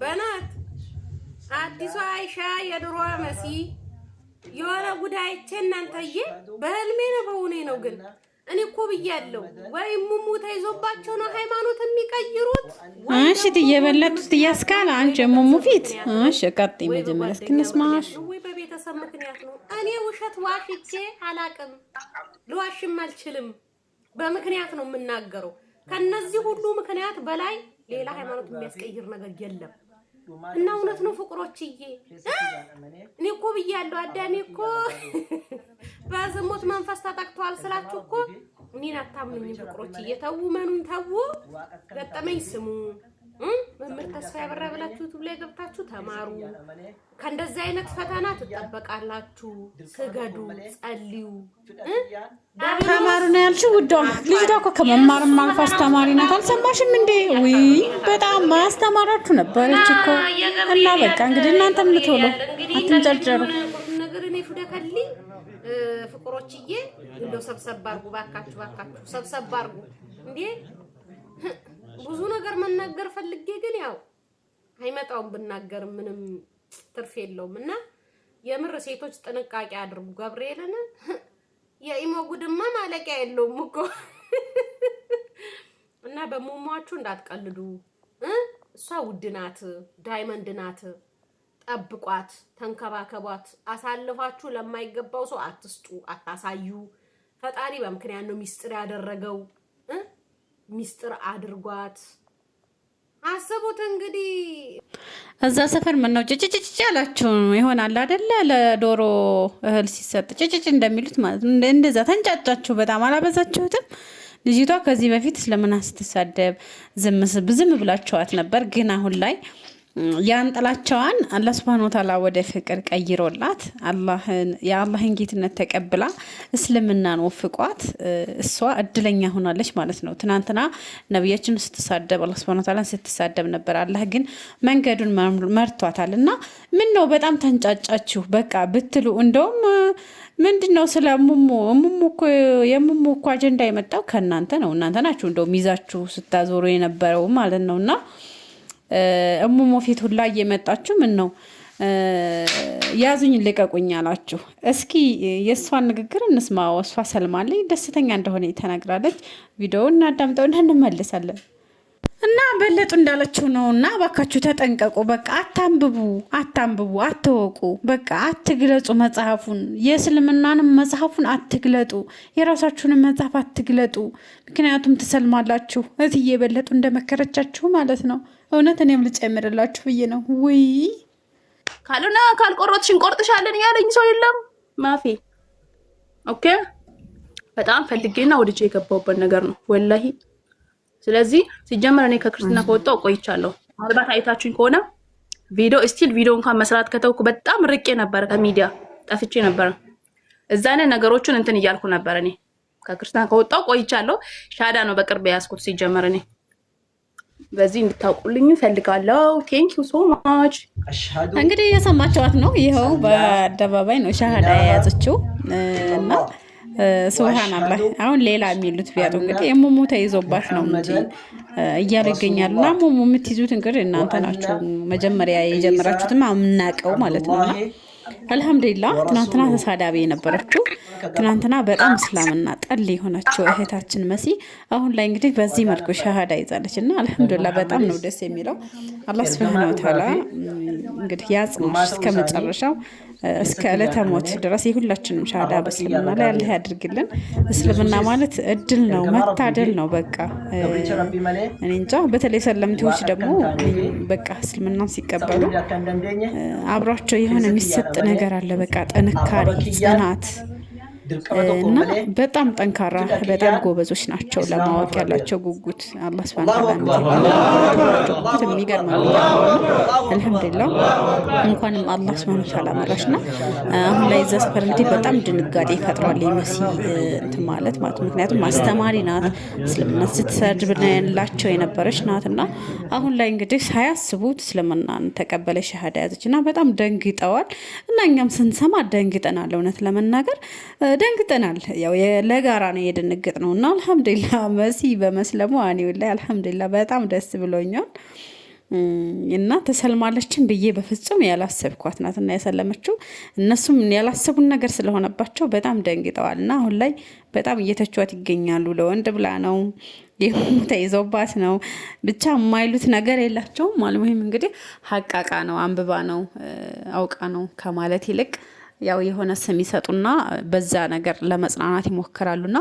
በናት አዲሷ አይሻ የድሮ መሲ የሆነ ጉዳይቼ እናንተዬ በህልሜ ነው በውኔ ነው ግን እኔ እኮ ብያለሁ ወይ ሙሙ ተይዞባቸው ነው ሃይማኖት የሚቀይሩት። እሺ ትየበለጡት እያስካለ አንቺ ሙሙ ፊት እሺ ቀጥ መጀመሪያ እስክንስማሽ ወይ በቤተሰብ ምክንያት ነው። እኔ ውሸት ዋሽቼ አላቅም፣ ልዋሽም አልችልም። በምክንያት ነው የምናገረው። ከነዚህ ሁሉ ምክንያት በላይ ሌላ ሃይማኖት የሚያስቀይር ነገር የለም። እና እውነት ነው ፍቅሮችዬ፣ እኔ እኮ ብያለሁ። አዳሜ እኮ በዝሙት መንፈስ ተጠቅቷል ስላችሁ እኮ እኔን አታምኑኝ ፍቅሮችዬ። ተዉ፣ መኑን ተዉ። ገጠመኝ ስሙ። መምህር ተስፋ ያበራ ብላችሁ ዩቱብ ላይ ገብታችሁ ተማሩ። ከእንደዚህ አይነት ፈተና ትጠበቃላችሁ። ስገዱ፣ ጸልዩ። ተማሩ ነው ያልሽው ውዷ ልጅቷ እኮ ከመማር አልፎ አስተማሪ ናት። አልሰማሽም እንዴ? ውይ በጣም ማስተማራችሁ ነበረች እኮ እና በቃ እንግዲህ እናንተም ልትሆኑ አትንጨርጨሩ። ፍቅሮችዬ እንደው ሰብሰብ አድርጉ ባካችሁ፣ ባካችሁ ሰብሰብ አድርጉ። እንዴ ብዙ ነገር መናገር ፈልጌ ግን ያው አይመጣውም ብናገር ምንም ትርፍ የለውም እና የምር ሴቶች ጥንቃቄ አድርጉ ገብርኤልን የኢሞ ጉድማ ማለቂያ የለውም እኮ እና በሞሟችሁ እንዳትቀልዱ። እሷ ውድ ናት፣ ዳይመንድ ናት። ጠብቋት፣ ተንከባከቧት። አሳልፋችሁ ለማይገባው ሰው አትስጡ፣ አታሳዩ። ፈጣሪ በምክንያት ነው ሚስጥር ያደረገው። ሚስጥር አድርጓት። አስቡት እንግዲህ እዛ ሰፈር ምን ነው ጭጭጭጭ ያላችሁ ይሆናል አደለ? ለዶሮ እህል ሲሰጥ ጭጭጭ እንደሚሉት ማለት ነው። እንደዛ ተንጫጫችሁ። በጣም አላበዛችሁትም? ልጅቷ ከዚህ በፊት ስለምን አስትሳደብ ዝም ብላችኋት ነበር፣ ግን አሁን ላይ ያን ጥላቸዋን አላህ ስብሃነ ወተዓላ ወደ ፍቅር ቀይሮላት የአላህን ጌትነት ተቀብላ እስልምናን ወፍቋት እሷ እድለኛ ሆናለች ማለት ነው። ትናንትና ነቢያችን ስትሳደብ አላህ ስብሃነ ወተዓላን ስትሳደብ ነበር። አላህ ግን መንገዱን መርቷታል እና ምን ነው በጣም ተንጫጫችሁ በቃ ብትሉ እንደውም ምንድን ነው ስለ የሙሙ እኮ አጀንዳ የመጣው ከእናንተ ነው። እናንተ ናችሁ እንደውም ይዛችሁ ስታዞሩ የነበረው ማለት ነው እና እሙሞ ፊት ሁላ እየመጣችሁ ምን ነው ያዙኝ ልቀቁኝ አላችሁ። እስኪ የእሷን ንግግር እንስማ። እሷ ሰልማለኝ ደስተኛ እንደሆነ ተናግራለች። እናዳምጠው እና እንመልሳለን። እና በለጡ እንዳለችው ነው። እና እባካችሁ ተጠንቀቁ። በቃ አታንብቡ፣ አታንብቡ፣ አትወቁ። በቃ አትግለጹ መጽሐፉን፣ የእስልምናንም መጽሐፉን አትግለጡ፣ የራሳችሁንም መጽሐፍ አትግለጡ። ምክንያቱም ትሰልማላችሁ። እትዬ በለጡ እንደመከረቻችሁ ማለት ነው። እውነት እኔም ልጨምርላችሁ ብዬ ነው። ውይ ካልሆነ ካልቆረጥሽ እንቆርጥሻለን ያለኝ ሰው የለም ማፌ። ኦኬ በጣም ፈልጌና ወድጄ የገባሁበት ነገር ነው ወላሂ። ስለዚህ ሲጀመር እኔ ከክርስትና ከወጣሁ ቆይቻለሁ። ምናልባት አይታችሁኝ ከሆነ ቪዲዮ ስቲል ቪዲዮ እንኳን መስራት ከተውኩ በጣም ርቄ ነበረ፣ ከሚዲያ ጠፍቼ ነበረ። እዛ አይነት ነገሮችን እንትን እያልኩ ነበር። እኔ ከክርስቲያን ከወጣሁ ቆይቻለሁ። ሻዳ ነው በቅርብ የያዝኩት ሲጀመር እኔ በዚህ እንድታውቁልኝ እፈልጋለሁ። ቴንኪው ሶ ማች። እንግዲህ እየሰማችኋት ነው። ይኸው በአደባባይ ነው ሻሃዳ የያዘችው እና ስብሃን አላ አሁን ሌላ የሚሉት ቢያጡ እንግዲህ የሙሙ ተይዞባት ነው እንጂ እያለ ይገኛል። እና ሞሞ የምትይዙት እንግዲህ እናንተ ናችሁ መጀመሪያ የጀመራችሁትም አምናቀው ማለት ነው አልሐምዱሊላ ትናንትና ተሳዳቢ የነበረችው ትናንትና በጣም እስላምና ጠል የሆነችው እህታችን መሲ አሁን ላይ እንግዲህ በዚህ መልኩ ሻሃዳ ይዛለች እና አልሐምዱላ በጣም ነው ደስ የሚለው። አላህ ስብሃነ ወተዓላ እንግዲህ ያጽናሽ እስከ መጨረሻው። እስከ ዕለተ ሞት ድረስ የሁላችንም ሻዳ በእስልምና ላይ አላህ ያድርግልን። እስልምና ማለት እድል ነው፣ መታደል ነው። በቃ እኔ እንጃ። በተለይ ሰለምቴዎች ደግሞ በቃ እስልምናን ሲቀበሉ አብሯቸው የሆነ የሚሰጥ ነገር አለ። በቃ ጥንካሬ፣ ጽናት እና በጣም ጠንካራ በጣም ጎበዞች ናቸው። ለማወቅ ያላቸው ጉጉት አላህ ስብሃነሁ ተዓላ ጉጉት የሚገርም አልሐምዱሊላህ እንኳንም አላህ ስብሃነሁ ተዓላ መራሽ እና አሁን ላይ እዛ ሰፈር እንግዲህ በጣም ድንጋጤ ይፈጥሯል የመሲ እንትን ማለት ማለት ምክንያቱም አስተማሪ ናት እስልምና ስትሰድብላቸው የነበረች ናት እና አሁን ላይ እንግዲህ ሳያስቡት እስልምናን ተቀበለ ሻሃዳ ያዘች እና በጣም ደንግጠዋል እና እኛም ስንሰማ ደንግጠናል እውነት ለመናገር ደንግጠናል። ያው ለጋራ ነው የደነገጥ ነው እና አልሐምዱላ መሲ በመስለሙ አኔው ላይ አልሐምዱላ በጣም ደስ ብሎኛል። እና ተሰልማለችን ብዬ በፍጹም ያላሰብኳት ናት እና የሰለመችው እነሱም ያላሰቡን ነገር ስለሆነባቸው በጣም ደንግጠዋል። እና አሁን ላይ በጣም እየተቿት ይገኛሉ። ለወንድ ብላ ነው ይሁን ተይዘውባት ነው ብቻ የማይሉት ነገር የላቸውም። አልሙሂም እንግዲህ ሀቃቃ ነው አንብባ ነው አውቃ ነው ከማለት ይልቅ ያው የሆነ ስም ይሰጡና በዛ ነገር ለመጽናናት ይሞክራሉና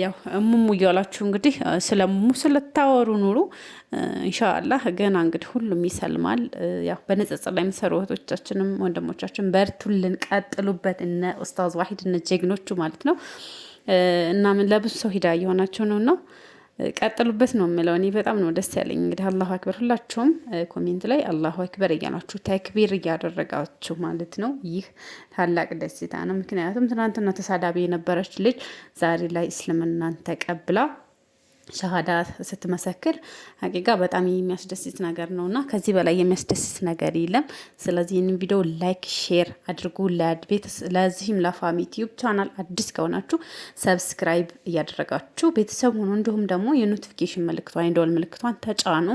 ያው እሙሙ እያላችሁ እንግዲህ ስለ ሙሙ ስለታወሩ ኑሩ። እንሻላ ገና እንግዲህ ሁሉም ይሰልማል። ያው በንጽጽር ላይ የሚሰሩ እህቶቻችንም ወንድሞቻችን በርቱልን፣ ቀጥሉበት። እነ ኡስታዝ ዋሂድ እነ ጀግኖቹ ማለት ነው እና ምን ለብዙ ሰው ሂዳ እየሆናቸው ነውና ቀጥሉበት ነው የምለው። እኔ በጣም ነው ደስ ያለኝ። እንግዲህ አላሁ አክበር ሁላችሁም ኮሜንት ላይ አላሁ አክበር እያላችሁ ተክቢር እያደረጋችሁ ማለት ነው። ይህ ታላቅ ደስታ ነው። ምክንያቱም ትናንትና ተሳዳቢ የነበረች ልጅ ዛሬ ላይ እስልምናን ተቀብላ ሸሃዳ ስትመሰክር ሀቂቃ በጣም የሚያስደስት ነገር ነው እና ከዚህ በላይ የሚያስደስት ነገር የለም። ስለዚህ ይህንን ቪዲዮ ላይክ፣ ሼር አድርጉ። ለዚህም ለፋሚ ዩቲዩብ ቻናል አዲስ ከሆናችሁ ሰብስክራይብ እያደረጋችሁ ቤተሰብ ሆኖ እንዲሁም ደግሞ የኖቲፊኬሽን ምልክቷን የደወል ምልክቷን ተጫኑ።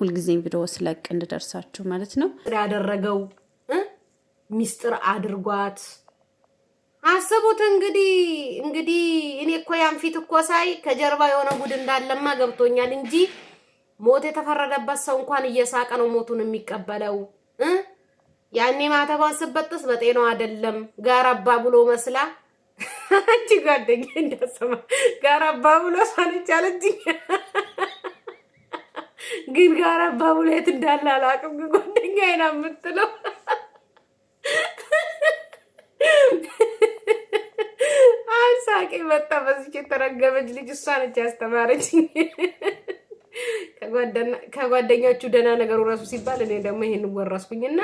ሁልጊዜም ቪዲዮ ስለቅ እንድደርሳችሁ ማለት ነው። ያደረገው ሚስጥር አድርጓት አስቡት እንግዲህ እንግዲህ እኔ እኮ ያን ፊት እኮ ሳይ ከጀርባ የሆነ ጉድ እንዳለማ ገብቶኛል እንጂ ሞት የተፈረደበት ሰው እንኳን እየሳቀ ነው ሞቱን የሚቀበለው ያኔ ማተቧን ስበጥስ በጤናው አይደለም ጋራባ ብሎ መስላ አንቺ ጓደኛ እንዳሰማ ጋራባ ብሎ ሳንቻለች ግን ጋራባ ብሎ የት እንዳለ አላውቅም። ጓደኛ አይና የምትለው ጥያቄ መጣ። በዚች የተረገመች ልጅ እሷ ነች ያስተማረች። ከጓደኞቹ ደህና ነገሩ እራሱ ሲባል እኔ ደግሞ ይሄን ወረስኩኝና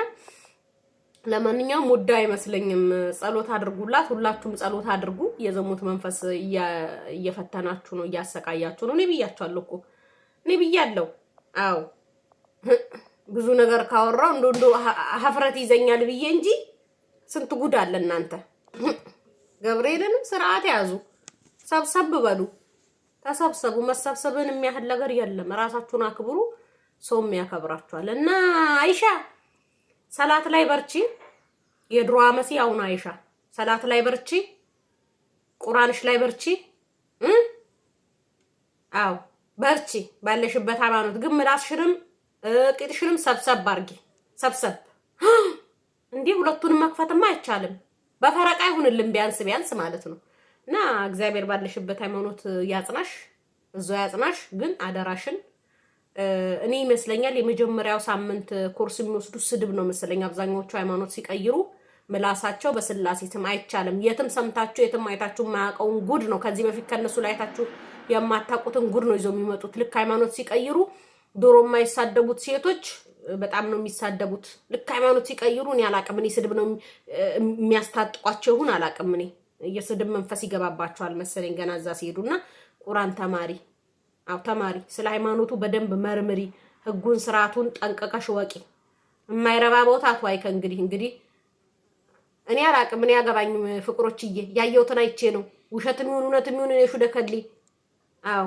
ለማንኛውም ውዳ አይመስለኝም። ጸሎት አድርጉላት፣ ሁላችሁም ጸሎት አድርጉ። የዘሙት መንፈስ እየፈተናችሁ ነው፣ እያሰቃያችሁ ነው። እኔ ብያችኋለሁ እኮ እኔ ብያለሁ። አዎ ብዙ ነገር ካወራው እንዶ እንዶ ሀፍረት ይዘኛል ብዬ እንጂ ስንት ጉድ አለ እናንተ። ገብርኤልንም ስርዓት ያዙ። ሰብሰብ በሉ፣ ተሰብሰቡ። መሰብሰብን የሚያህል ነገር የለም። ራሳችሁን አክብሩ፣ ሰውም ያከብራችኋል። እና አይሻ ሰላት ላይ በርቺ። የድሮ መሲ አሁን አይሻ ሰላት ላይ በርቺ፣ ቁራንሽ ላይ በርቺ። አው በርቺ፣ ባለሽበት ሃይማኖት ግን ምላስሽንም ቂጥሽንም ሰብሰብ አርጊ። ሰብሰብ እንዲህ ሁለቱንም መክፈትማ አይቻልም። በፈረቃ ይሁንልን ቢያንስ ቢያንስ ማለት ነው። እና እግዚአብሔር ባለሽበት ሃይማኖት ያጽናሽ፣ እዛ ያጽናሽ። ግን አደራሽን እኔ ይመስለኛል የመጀመሪያው ሳምንት ኮርስ የሚወስዱ ስድብ ነው መሰለኝ አብዛኛዎቹ ሃይማኖት ሲቀይሩ ምላሳቸው በስላሴ ስም አይቻልም። የትም ሰምታችሁ የትም አይታችሁ የማያውቀውን ጉድ ነው ከዚህ በፊት ከነሱ ላይታችሁ የማታውቁትን ጉድ ነው ይዘው የሚመጡት። ልክ ሃይማኖት ሲቀይሩ ዶሮ የማይሳደቡት ሴቶች በጣም ነው የሚሳደቡት። ልክ ሃይማኖት ሲቀይሩ እኔ አላቅም። እኔ ስድብ ነው የሚያስታጥቋቸው ይሁን አላቅም። እኔ የስድብ መንፈስ ይገባባቸዋል መሰለኝ ገና እዛ ሲሄዱና ቁራን ተማሪ አው ተማሪ፣ ስለ ሃይማኖቱ በደንብ መርምሪ፣ ህጉን ስርዓቱን ጠንቀቀሽ ወቂ። የማይረባ ቦታ አትዋይ። ከእንግዲህ እንግዲህ እኔ አላቅም። እኔ አገባኝም ፍቅሮችዬ፣ ያየሁትን አይቼ ነው ውሸት የሚሆን እውነት የሚሆን የሹደከልኝ አዎ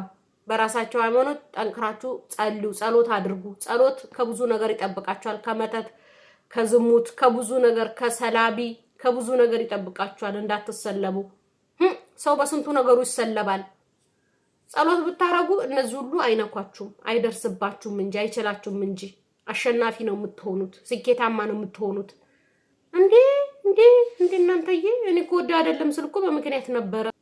በራሳቸው ሃይማኖት ጠንክራችሁ ጸልዩ፣ ጸሎት አድርጉ። ጸሎት ከብዙ ነገር ይጠብቃችኋል። ከመተት፣ ከዝሙት፣ ከብዙ ነገር፣ ከሰላቢ፣ ከብዙ ነገር ይጠብቃችኋል። እንዳትሰለቡ። ሰው በስንቱ ነገሩ ይሰለባል። ጸሎት ብታረጉ እነዚህ ሁሉ አይነኳችሁም፣ አይደርስባችሁም እንጂ አይችላችሁም እንጂ አሸናፊ ነው የምትሆኑት፣ ስኬታማ ነው የምትሆኑት። እንዴ እንዴ እንዴ እናንተዬ እኔ ከወደ አይደለም ስልኮ በምክንያት ነበረ።